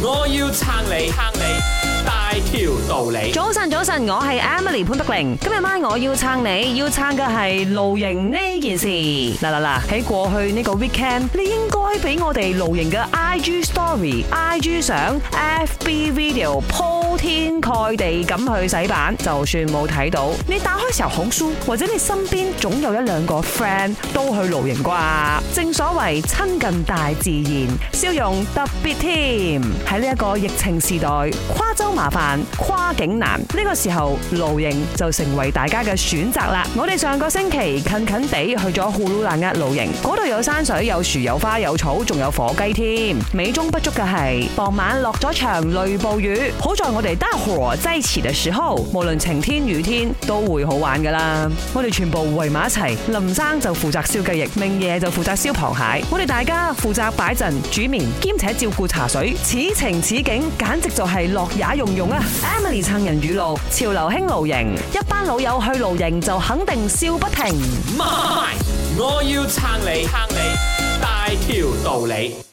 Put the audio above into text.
我要撐你，撐你大條道理。早晨，早晨，我係 Emily 潘德玲。今日晚我要撐你，要撐嘅係露營呢件事。嗱嗱嗱，喺過去呢個 weekend，你應該俾我哋露營嘅 IG story IG、IG 相、FB video、Paul 天蓋地咁去洗版，就算冇睇到，你打開時候好酸，或者你身邊總有一兩個 friend 都去露營啩。正所謂親近大自然，笑容特別添。喺呢一個疫情時代，跨州麻煩，跨境難，呢個時候露營就成為大家嘅選擇啦。我哋上個星期近近地去咗酷魯那厄露營，嗰度有山水，有樹，有花，有草，仲有火雞添。美中不足嘅係傍晚落咗場雷暴雨，好在我哋。得河祭池嘅時候，無論晴天雨天都會好玩噶啦。我哋全部圍埋一齊，林生就負責燒雞翼，明夜就負責燒螃蟹。我哋大家負責擺陣煮麵，兼且照顧茶水。此情此景，簡直就係樂也融融啊！Emily 撐人語路，潮流興露營，一班老友去露營就肯定笑不停。我要撐你，撐你大條道理。